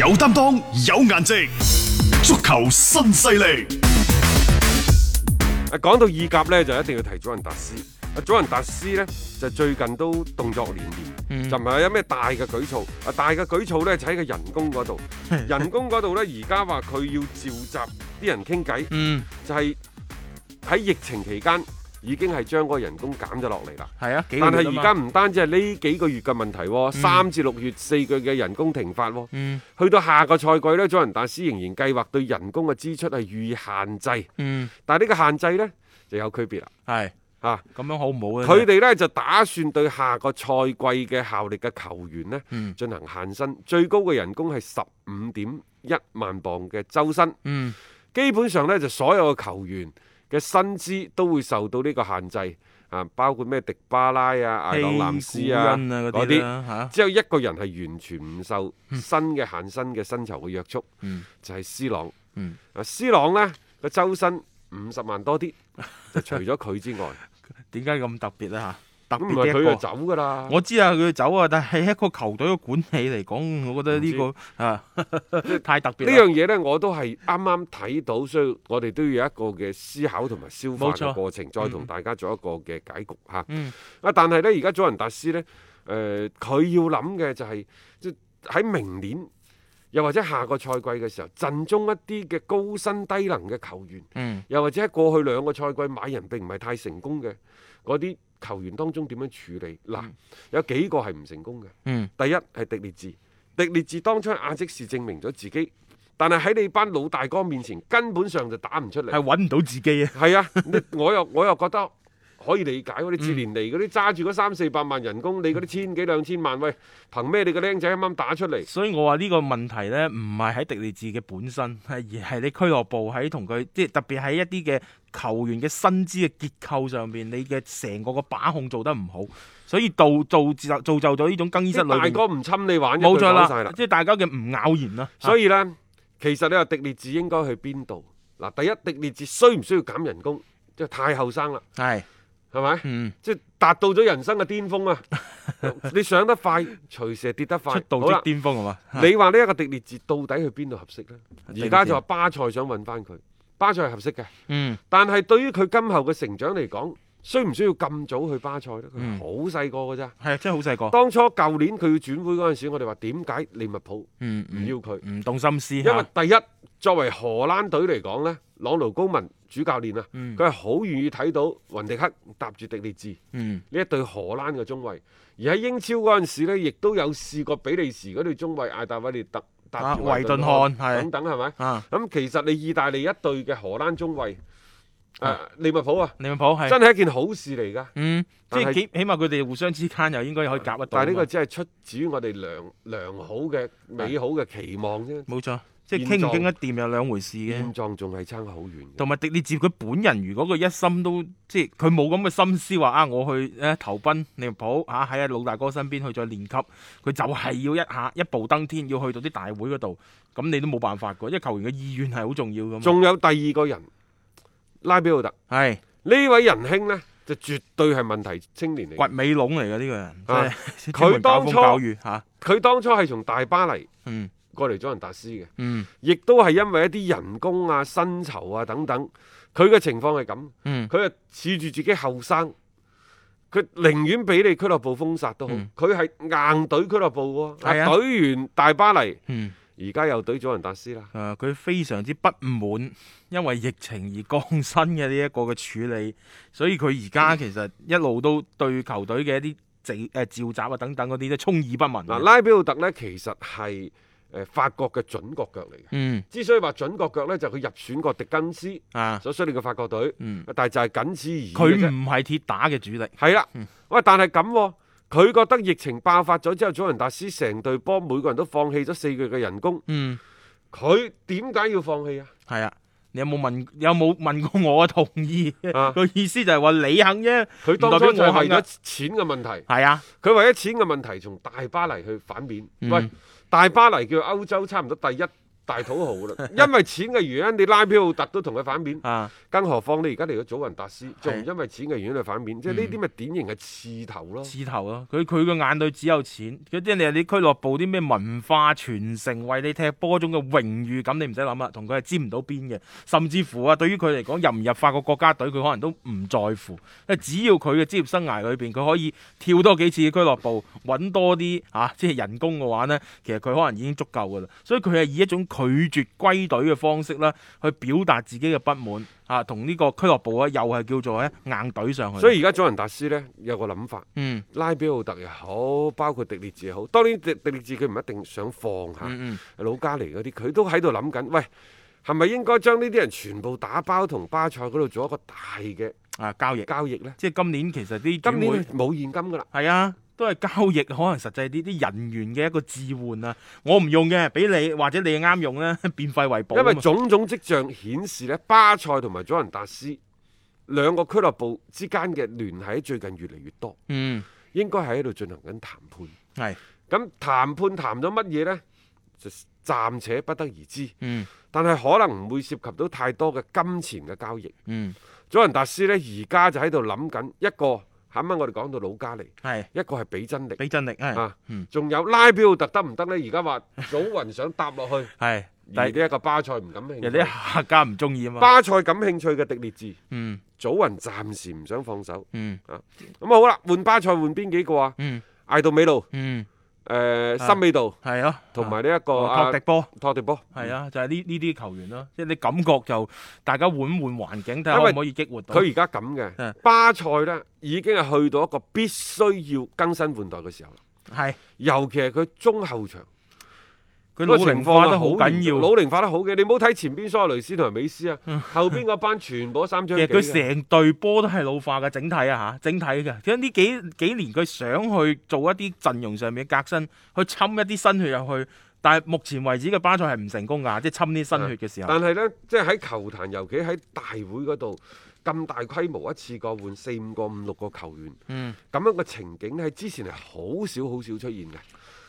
有擔當，有顏值，足球新勢力。啊，講到意甲咧，就一定要提祖雲達斯。啊，祖雲達斯咧，就最近都動作連連，嗯、就唔係有咩大嘅舉措。啊，大嘅舉措咧就喺、是、個人工嗰度， 人工嗰度咧而家話佢要召集啲人傾偈，嗯、就係喺疫情期間。已經係將嗰人工減咗落嚟啦。係啊，但係而家唔單止係呢幾個月嘅問題，三、嗯、至六月四個月嘅人工停發。嗯、去到下個賽季呢，祖雲達斯仍然計劃對人工嘅支出係予以限制。嗯、但係呢個限制呢就有區別啦。係嚇是，咁、啊、樣好唔好咧、啊？佢哋呢就打算對下個賽季嘅效力嘅球員呢、嗯、進行限薪，最高嘅人工係十五點一萬鎊嘅周薪。嗯、基本上呢，就所有嘅球員，嘅薪資都會受到呢個限制啊，包括咩迪巴拉啊、艾朗藍斯啊嗰啲，只有一個人係完全唔受新嘅限薪嘅薪酬嘅約束，嗯、就係 C 朗。嗯、啊，C 朗呢，個周薪五十萬多啲，除咗佢之外，點解咁特別呢？嚇？特別踢佢走噶啦，我知啊，佢走啊，但係一個球隊嘅管理嚟講，我覺得呢、這個啊 太特別。呢樣嘢呢，我都係啱啱睇到，所以我哋都要有一個嘅思考同埋消化嘅過程，錯再同大家做一個嘅解局吓。嗯、啊，但係呢，而家祖雲達斯呢，誒、呃，佢要諗嘅就係即喺明年，又或者下個賽季嘅時候，陣中一啲嘅高薪低能嘅球員，嗯、又或者過去兩個賽季買人並唔係太成功嘅。嗰啲球員當中點樣處理？嗱，有幾個係唔成功嘅。嗯、第一係迪列治，迪列治當初亞積士證明咗自己，但係喺你班老大哥面前根本上就打唔出嚟，係揾唔到自己啊！係啊，我又我又覺得。 可以理解嗰啲志聯嚟嗰啲揸住嗰三四百萬人工，嗯、你嗰啲千幾兩千萬，喂，憑咩你個僆仔咁啱打出嚟？所以我話呢個問題呢，唔係喺迪列治嘅本身，而係你俱樂部喺同佢，即係特別喺一啲嘅球員嘅薪資嘅結構上面，你嘅成個個把控做得唔好，所以造造就造就咗呢種更衣室大哥唔侵你玩嘅冇錯啦，即係大家嘅唔咬弦啦。所以呢，其實你話迪列治應該去邊度？嗱，第一，迪列治需唔需要減人工？即係太後生啦。係。係咪？是是嗯、即係達到咗人生嘅巔峰啊！ 你上得快，隨時跌得快。到咗巔峰係嘛？了 你話呢一個迪列治到底去邊度合適咧？而家知就話巴塞想搵翻佢，巴塞係合適嘅。嗯，但係對於佢今後嘅成長嚟講。需唔需要咁早去巴塞咧？佢好細個嘅咋，係啊，真係好細個。當初舊年佢要轉會嗰陣時，我哋話點解利物浦唔唔要佢？唔動心思。因為第一，作為荷蘭隊嚟講呢，朗奴高文主教練啊，佢係好願意睇到雲迪克搭住迪烈治呢一對荷蘭嘅中衛。而喺英超嗰陣時咧，亦都有試過比利時嗰隊中衛艾達威列特、哈維頓漢等等係咪？咁其實你意大利一隊嘅荷蘭中衛。誒、啊，利物浦啊，利物浦係真係一件好事嚟噶，嗯，即係是起起碼佢哋互相之間又應該可以夾得到。但係呢個只係出自於我哋良良好嘅美好嘅期望啫。冇錯，即係傾唔傾得掂有兩回事嘅。現狀仲係差好遠。同埋迪利哲佢本人，如果佢一心都即係佢冇咁嘅心思話啊，我去誒、啊、投奔利物浦吓，喺、啊、阿老大哥身邊去再練級，佢就係要一下一步登天，要去到啲大會嗰度，咁你都冇辦法噶，因為球員嘅意願係好重要噶嘛。仲有第二個人。拉比奧特係呢位仁兄呢，就絕對係問題青年嚟，掘尾籠嚟嘅呢個人。佢當初嚇，佢當初係從大巴黎過嚟祖雲達斯嘅，亦都係因為一啲人工啊、薪酬啊等等，佢嘅情況係咁。佢係恃住自己後生，佢寧願俾你俱樂部封殺都好，佢係硬隊俱樂部喎，係啊，隊員大巴黎。而家又對祖雲達斯啦，誒、啊，佢非常之不滿，因為疫情而降薪嘅呢一個嘅處理，所以佢而家其實一路都對球隊嘅一啲召集啊等等嗰啲咧充耳不聞。嗱、啊，拉比奧特咧其實係誒、呃、法國嘅準國腳嚟嘅，嗯，之所以話準國腳咧就佢、是、入選過迪根斯啊所率領嘅法國隊，啊嗯、但係就係僅此而已。佢唔係鐵打嘅主力，係啦、嗯，喂、啊，但係咁、啊。佢覺得疫情爆發咗之後，祖雲達斯成隊波每個人都放棄咗四個月嘅人工。嗯，佢點解要放棄啊？係啊，你有冇問？有冇問過我同意？佢、啊、意思就係話你肯啫。佢當初就係為咗錢嘅問題。係啊，佢為咗錢嘅問題，從大巴黎去反面。嗯、喂，大巴黎叫歐洲差唔多第一。 大土豪啦，因為錢嘅原因，你拉票特都同佢反面，啊，更何況你而家嚟到祖雲達斯，仲因為錢嘅原因去反面，即係呢啲咪典型嘅刺頭咯。刺頭咯、啊，佢佢個眼裏只有錢，即係你啲俱樂部啲咩文化傳承、為你踢波嗰種嘅榮譽，咁你唔使諗啦，同佢係沾唔到邊嘅。甚至乎啊，對於佢嚟講入唔入法國國家隊，佢可能都唔在乎，因為只要佢嘅職業生涯裏邊佢可以跳多幾次俱樂部，揾多啲啊，即係人工嘅話呢，其實佢可能已經足夠噶啦。所以佢係以一種拒絕歸隊嘅方式啦，去表達自己嘅不滿嚇，同、啊、呢個俱樂部啊，又係叫做喺硬隊上去。所以而家祖雲達斯呢，有個諗法，嗯、拉比奧特又好，包括迪列治又好，當然迪迪列治佢唔一定想放下、嗯嗯、魯加尼嗰啲，佢都喺度諗緊，喂係咪應該將呢啲人全部打包同巴塞嗰度做一個大嘅啊交易交易呢？即係今年其實啲今年冇現金㗎喇，係啊。都係交易，可能實際啲啲人員嘅一個置換啊！我唔用嘅，俾你或者你啱用呢，變廢為寶。因為種種跡象顯示呢， 巴塞同埋祖雲達斯兩個俱樂部之間嘅聯繫最近越嚟越多。嗯，應該係喺度進行緊談判。係是，咁談判談咗乜嘢呢？就暫且不得而知。嗯，但係可能唔會涉及到太多嘅金錢嘅交易。嗯，祖雲達斯呢，而家就喺度諗緊一個。啱啱我哋講到老加尼，係是一個係比真力，比真力啊，仲、嗯、有拉比奧特得唔得咧？而家話祖雲想搭落去，係 而呢一個巴塞唔感興趣，有啲客家唔中意啊嘛。巴塞感興趣嘅迪列治，嗯，祖雲暫時唔想放手，嗯啊，咁好啦，換巴塞換邊幾個啊？艾杜美路。誒，森、呃、的美度係咯，同埋呢一個、啊、托迪波，托迪波係啊，就係呢呢啲球員咯，即、就、係、是、你感覺就大家換換環境睇下可唔可以激活到佢而家咁嘅。巴塞咧已經係去到一個必須要更新換代嘅時候，係的，尤其係佢中後場，佢老齡化，化，化得好緊要，老齡化得好嘅，你唔好睇前邊蘇亞雷斯同埋美斯啊， 後邊嗰班全部都三張嘅。其實佢成隊波都係老化嘅整體啊嚇，整體嘅。咁呢幾幾年佢想去做一啲陣容上面嘅革新，去侵一啲新血入去，但係目前為止嘅巴塞係唔成功㗎，即係侵啲新血嘅時候。但係呢，即係喺球壇，尤其喺大會嗰度咁大規模一次過換四五個、五六個球員，咁、嗯、樣嘅情景喺之前係好少、好少出現嘅。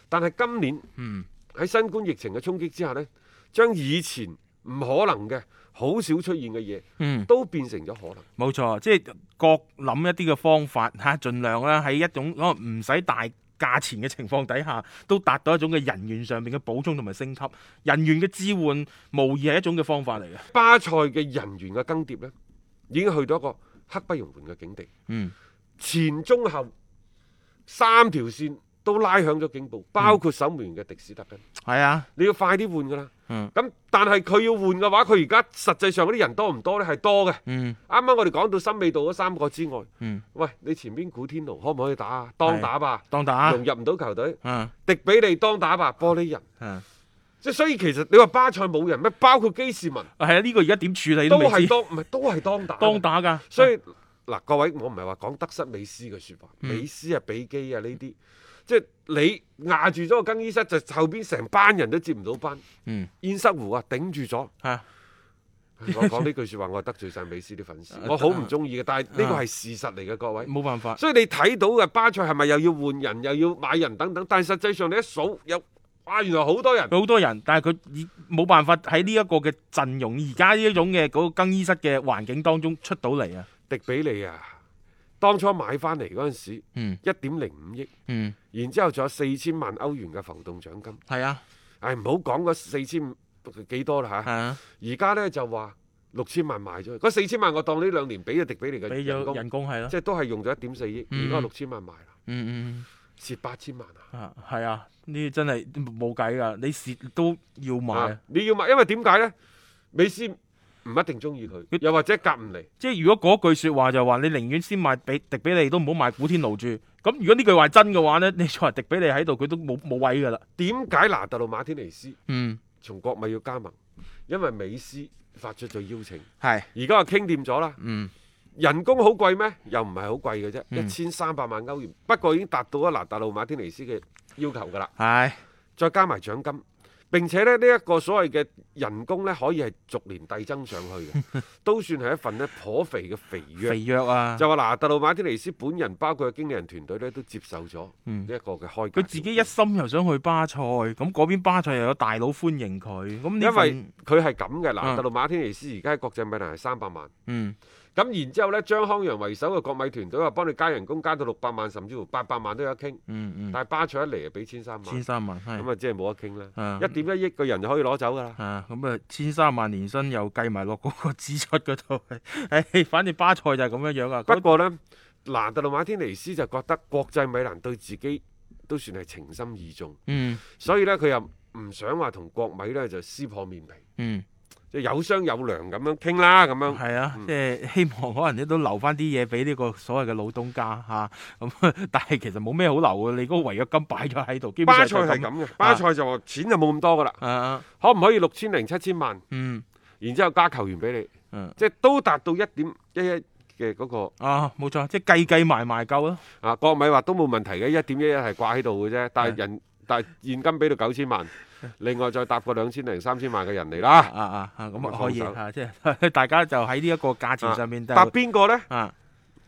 但係今年，嗯。喺新冠疫情嘅衝擊之下呢，將以前唔可能嘅、好少出現嘅嘢，嗯、都變成咗可能。冇錯，即係各諗一啲嘅方法嚇，儘、啊、量啦，喺一種可唔使大價錢嘅情況底下，都達到一種嘅人員上面嘅補充同埋升級。人員嘅置換，無疑係一種嘅方法嚟嘅。巴塞嘅人員嘅更迭呢，已經去到一個刻不容緩嘅境地。嗯，前中後三條線。都拉響咗警報，包括守門員嘅迪斯特嘅。係啊，你要快啲換噶啦。嗯，咁但係佢要換嘅話，佢而家實際上嗰啲人多唔多呢？係多嘅。啱啱我哋講到新味道嗰三個之外，喂，你前邊古天奴可唔可以打啊？當打吧，當打，融入唔到球隊。迪比利當打吧，玻璃人。即係所以其實你話巴塞冇人咩？包括基士文。係啊，呢個而家點處理都係當，唔係都係當打，當打㗎。所以嗱，各位我唔係話講得失美斯嘅説話，美斯啊，比基啊呢啲。即係你壓住咗個更衣室，就後邊成班人都接唔到班。嗯，燕塞湖啊，頂住咗。吓、啊，我講呢句說話，我得罪晒美斯啲粉絲，啊、我好唔中意嘅。但係呢個係事實嚟嘅，各位。冇、啊、辦法。所以你睇到嘅巴塞係咪又要換人，又要買人等等？但係實際上你一數，有哇、啊，原來好多人。好多人，但係佢冇辦法喺呢一個嘅陣容，而家呢一種嘅嗰個更衣室嘅環境當中出到嚟啊，迪比利啊。當初買翻嚟嗰陣時，一點零五億，嗯、然之後仲有四千萬歐元嘅浮動獎金。係啊，誒唔好講嗰四千幾多啦嚇。而家咧就話六千萬賣咗。嗰四千萬我當呢兩年俾嘅滴俾你嘅人工，人工啊、即係都係用咗一點四億，而家六千萬賣啦、嗯。嗯嗯嗯，蝕八千萬啊！係啊，呢啲真係冇計㗎，你蝕都要賣。你要賣，因為點解咧？你先。唔一定中意佢，又或者夾唔嚟。即係如果嗰句說話就話，你寧願先賣俾迪比利都唔好賣古天奴住。咁如果呢句話真嘅話呢，你作為迪比利喺度，佢都冇冇位噶啦。點解拿達路馬天尼斯？嗯，從國米要加盟，因為美斯發出咗邀請。係，而家話傾掂咗啦。嗯，人工好貴咩？又唔係好貴嘅啫，一千三百萬歐元。不過已經達到咗拿達路馬天尼斯嘅要求噶啦。係，再加埋獎金。並且咧呢一、這個所謂嘅人工咧可以係逐年遞增上去嘅， 都算係一份咧頗肥嘅肥約。肥約啊！就話嗱，特魯馬天尼斯本人包括嘅經理人團隊咧都接受咗呢一個嘅開價、嗯。佢自己一心又想去巴塞，咁嗰邊巴塞又有大佬歡迎佢。因為佢係咁嘅嗱，特魯、嗯、馬天尼斯而家國際米蘭係三百萬。嗯。咁然之後咧，張康陽為首嘅國米團隊話幫你加人工，加到六百萬，甚至乎八百萬都有得傾。嗯嗯。但係巴塞一嚟就俾千三萬，千三萬，咁啊，即係冇得傾啦。一點一億個人就可以攞走㗎啦。咁啊，嗯啊嗯，千三萬年薪又計埋落嗰個支出嗰度。係，唉，反正巴塞就係咁樣樣啊。不過呢，拿特羅馬天尼斯就覺得國際米蘭對自己都算係情深意重。嗯。所以呢，佢又唔想話同國米呢就撕破面皮。嗯。有商有量咁樣傾啦，咁樣係啊，嗯、即係希望可能你都留翻啲嘢俾呢個所謂嘅老東家嚇，咁、啊嗯、但係其實冇咩好留嘅，你嗰個違約金擺咗喺度，基本上係咁。巴塞係咁嘅，啊、巴塞就話錢就冇咁多噶啦，啊、可唔可以六千零七千萬？嗯，然之後加球員俾你，啊、即係都達到一點一一嘅嗰個啊，冇錯，即係計計埋埋夠啦。啊，國米話都冇問題嘅，一點一一係掛喺度嘅啫，但係人但係現金俾到九千萬。另外再搭個兩千零三千萬嘅人嚟啦、啊，啊啊啊咁啊可以，即係、啊、大家就喺呢一個價錢上面搭邊個咧？啊，啊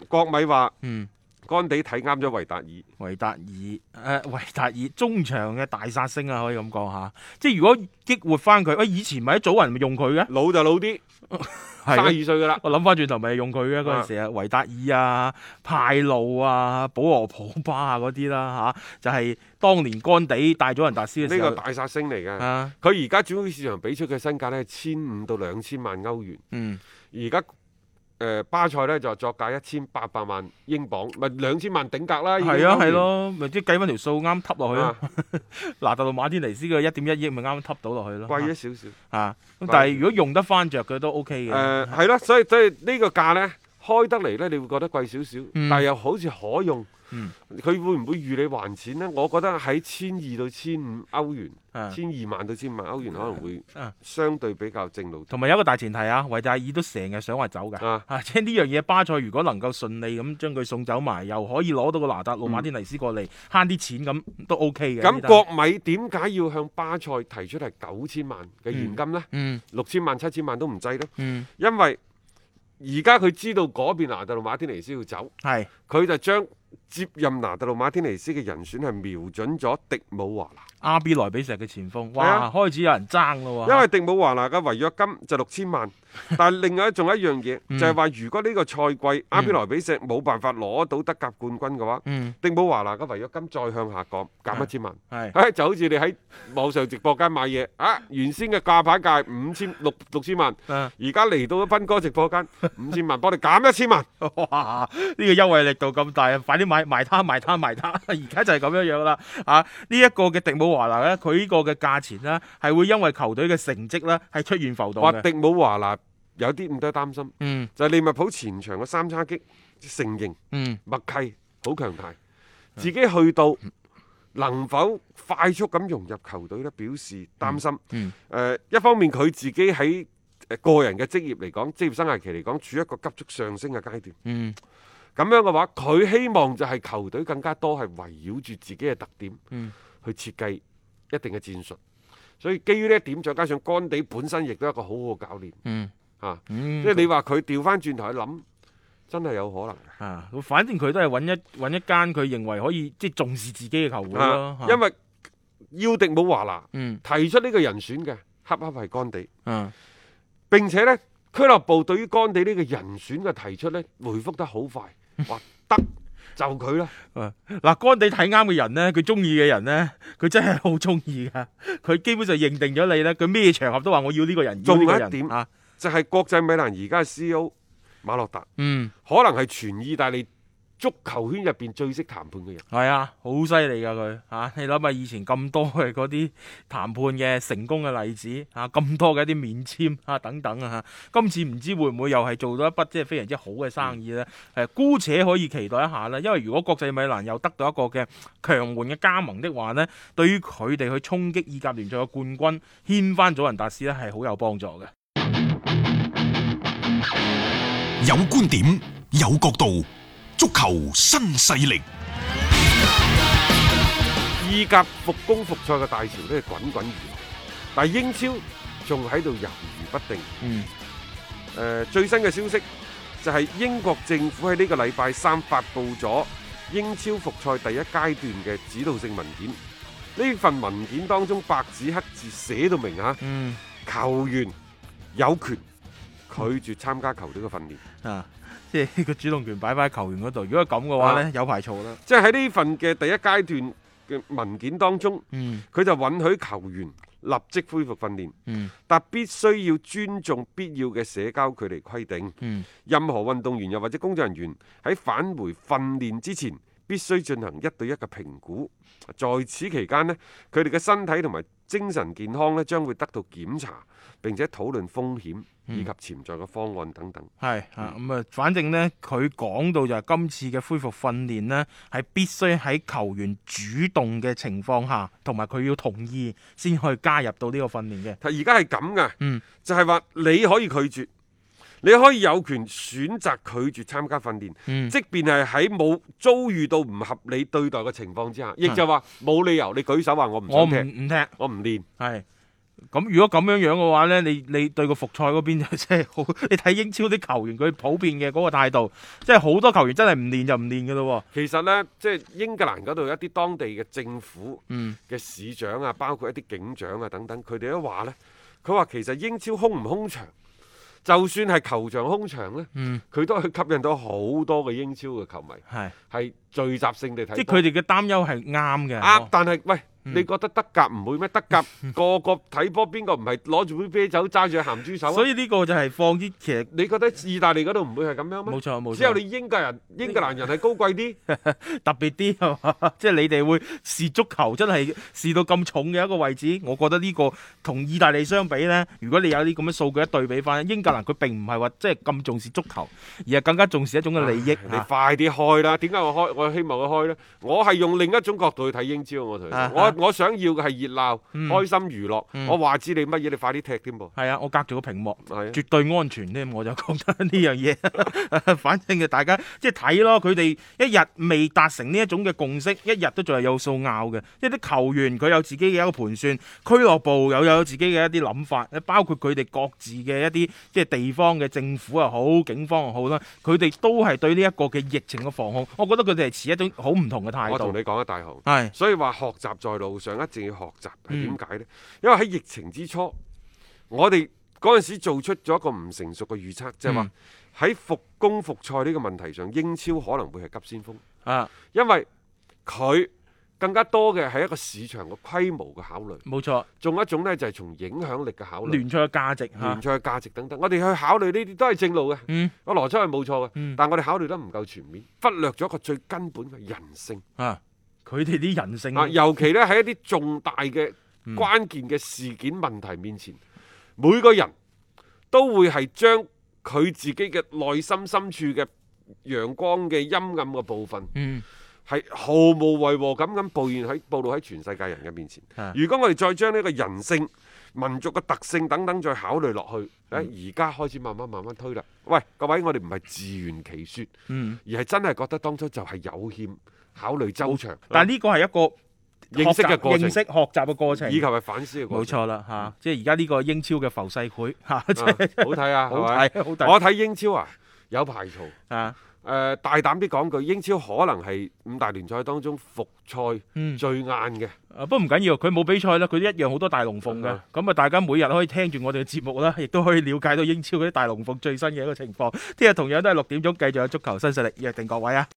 國米話嗯。干地睇啱咗維達爾，維達爾，誒、呃，維達爾中場嘅大殺星啊，可以咁講吓，即係如果激活翻佢，喂，以前咪喺祖雲用佢嘅，老就老啲，卅 是二歲噶啦，我諗翻轉頭咪用佢嘅嗰陣時啊，維達爾啊、派路啊、保羅普巴啊嗰啲啦吓，就係、是、當年干地帶咗人達斯呢個大殺星嚟嘅，佢而家轉會市場俾出嘅身價咧係千五到兩千萬歐元，嗯，而家。誒、呃，巴塞咧就作價一千八百萬英鎊，咪兩千萬頂格啦。係啊，係咯前，咪即係計翻條數啱揼落去啊。嗱、啊，勞塔路 馬天尼斯嘅一點，點、啊、一億咪啱揼到落去咯，貴咗少少。吓，咁但係如果用得翻着佢都 OK 嘅。誒、呃，係咯、啊，所以所以個價呢個價咧。 開得嚟呢，你會覺得貴少少，但又好似可用。佢會唔會預你還錢呢？我覺得喺千二到千五歐元，千二萬到千五萬歐元可能會相對比較正路。同埋有一個大前提啊，維達爾都成日想話走㗎。即係呢樣嘢，巴塞如果能夠順利咁將佢送走埋、啊嗯，又可以攞到個拿達魯馬天尼斯過嚟慳啲錢咁，都 OK 嘅。咁國米點解要向巴塞提出係九千萬嘅現金呢？六千、嗯嗯、萬、七千萬都唔制咯，因為而家佢知道嗰邊拿特路馬天尼斯要走，係佢是就將接任拿特路馬天尼斯嘅人選係瞄準咗迪姆華拿。阿比萊比錫嘅前鋒，係啊，開始有人爭咯，因為迪姆華拿嘅違約金就六千萬， 但係另外仲有一樣嘢，嗯、就係話如果呢個賽季、嗯、阿比萊比錫冇辦法攞到德甲冠軍嘅話，嗯，迪姆華拿嘅違約金再向下降，減一千萬，係是是，就好似你喺網上直播間買嘢，啊，原先嘅價牌價五千六六千萬，而家嚟到咗斌哥直播間五千萬，幫你減一千萬， 哇，呢個優惠力度咁大啊，快啲買，買它，買它，買它，而家就係咁樣樣啦，啊，呢一個嘅迪姆華納呢，佢呢個嘅價錢呢，係會因為球隊嘅成績呢，係出現浮動嘅。話迪姆華納有啲咁多擔心，嗯，就係利物浦前場嘅三叉戟成型，嗯，默契好強大，自己去到能否快速咁融入球隊呢，表示擔心。誒、嗯嗯呃，一方面佢自己喺誒個人嘅職業嚟講，職業生涯期嚟講，處於一個急速上升嘅階段。嗯，咁樣嘅話，佢希望就係球隊更加多係圍繞住自己嘅特點。嗯。去設計一定嘅戰術，所以基於呢一點，再加上干地本身亦都係一個好好嘅教練，嚇、嗯，即係你話佢調翻轉頭去諗，真係有可能啊，反正佢都係揾一揾一間佢認為可以即係重視自己嘅球會咯。啊啊、因為要、嗯、迪冇華拿，提出呢個人選嘅恰恰係干地，啊嗯、並且呢，俱樂部對於干地呢個人選嘅提出呢，回覆得好快，話得。 就佢啦。嗱、啊，乾地睇啱嘅人咧，佢中意嘅人咧，佢真係好中意噶。佢基本上認定咗你咧，佢咩場合都話我要呢個人，要呢個人。仲有一點吓，就係國際米蘭而家係 CEO 馬洛特，嗯，可能係全意大利。足球圈入邊最識談判嘅人，係啊，好犀利噶佢吓，你諗下以前咁多嘅嗰啲談判嘅成功嘅例子，啊，咁多嘅一啲免簽啊等等啊吓，今次唔知會唔會又係做到一筆即係非常之好嘅生意呢？嗯、姑且可以期待一下啦。因為如果國際米蘭又得到一個嘅強援嘅加盟的話呢，對於佢哋去衝擊意甲聯賽嘅冠軍，牽翻祖雲達斯呢係好有幫助嘅。有觀點，有角度。足球新勢力，意甲復工復賽嘅大潮都係滾滾而來，但係英超仲喺度猶豫不定。嗯，誒、呃，最新嘅消息就係英國政府喺呢個禮拜三發布咗英超復賽第一階段嘅指導性文件。呢份文件當中白紙黑字寫到明啊，嗯，球員有權拒絕參加球隊嘅訓練啊。即係個主動權擺翻喺球員嗰度，如果咁嘅話呢、啊、有排嘈啦。即係喺呢份嘅第一階段嘅文件當中，佢、嗯、就允許球員立即恢復訓練，嗯、但必須要尊重必要嘅社交距離規定。嗯、任何運動員又或者工作人員喺返回訓練之前，必須進行一對一嘅評估，在此期間咧，佢哋嘅身體同埋精神健康咧將會得到檢查，並且討論風險以及潛在嘅方案等等。係啊、嗯，咁啊，反正咧，佢講到就係今次嘅恢復訓練咧，係必須喺球員主動嘅情況下，同埋佢要同意先可以加入到呢個訓練嘅。而家係咁㗎，嗯，就係話你可以拒絕。你可以有權選擇拒絕參加訓練，嗯、即便係喺冇遭遇到唔合理對待嘅情況之下，亦是就話冇理由你舉手話我唔我唔踢我唔練。係咁，如果咁樣樣嘅話呢，你你對個復賽嗰邊就真係好。你睇英超啲球員佢普遍嘅嗰個態度，即係好多球員真係唔練就唔練嘅咯。其實呢，即、就、係、是、英格蘭嗰度一啲當地嘅政府嘅市長啊，嗯、包括一啲警長啊等等，佢哋都話呢，佢話其實英超空唔空場？就算係球場空場咧，嗯、佢都係吸引到好多嘅英超嘅球迷，係聚集性地睇。即係佢哋嘅擔憂係啱嘅。啱、啊，哦、但係喂。你覺得德甲唔會咩？德甲個個睇波，邊個唔係攞住杯啤酒揸住鹹豬手？所以呢個就係放啲其實你覺得意大利嗰度唔會係咁樣咩？冇錯冇錯。只有你英格人、英格蘭人係高貴啲，特別啲係嘛？即係你哋會視足球真係視到咁重嘅一個位置。我覺得呢個同意大利相比呢，如果你有啲咁嘅數據一對比翻，英格蘭佢並唔係話即係咁重視足球，而係更加重視一種嘅利益。你快啲開啦！點解我開？我希望佢開呢。我係用另一種角度去睇英超，我同你我。我想要嘅係熱鬧、嗯、開心、娛樂。嗯、我話知你乜嘢，你快啲踢添噃。係啊，我隔住個屏幕，啊、絕對安全添。我就覺得呢樣嘢， 反正就大家即係睇咯。佢哋一日未達成呢一種嘅共識，一日都仲係有數拗嘅。即係啲球員佢有自己嘅一個盤算，俱樂部又有自己嘅一啲諗法，包括佢哋各自嘅一啲即係地方嘅政府又好、警方又好啦。佢哋都係對呢一個嘅疫情嘅防控，我覺得佢哋係持一種好唔同嘅態度。我同你講啊，大雄所以話學習在是路上一定要學習，係點解呢？因為喺疫情之初，我哋嗰陣時做出咗一個唔成熟嘅預測，即係話喺復工復賽呢個問題上，英超可能會係急先鋒啊！因為佢更加多嘅係一個市場嘅規模嘅考慮，冇錯。仲有一種呢就係從影響力嘅考慮、聯賽嘅價值、聯賽嘅價值等等。我哋去考慮呢啲都係正路嘅，嗯，我邏輯係冇錯嘅，嗯，但我哋考慮得唔夠全面，忽略咗一個最根本嘅人性啊。佢哋啲人性啊，尤其咧喺一啲重大嘅關鍵嘅事件問題面前，嗯、每個人都會係將佢自己嘅內心深處嘅陽光嘅陰暗嘅部分，嗯，係毫無違和咁咁暴現喺暴露喺全世界人嘅面前。如果我哋再將呢個人性、民族嘅特性等等再考慮落去，喺而家開始慢慢慢慢推啦。喂，各位，我哋唔係自圓其說，而係真係覺得當初就係有欠。考慮周詳，但係呢個係一個認識嘅過程，學習嘅過程，以及係反思嘅過程。冇錯啦，吓，即係而家呢個英超嘅浮世繪吓，好睇啊，係咪？好睇，我睇英超啊，有排嘈啊，誒，大膽啲講句，英超可能係五大聯賽當中復賽最晏嘅。啊，不過唔緊要，佢冇比賽啦，佢都一樣好多大龍鳳噶。咁啊，大家每日可以聽住我哋嘅節目啦，亦都可以了解到英超啲大龍鳳最新嘅一個情況。聽日同樣都係六點鐘繼續有足球新勢力，約定各位啊！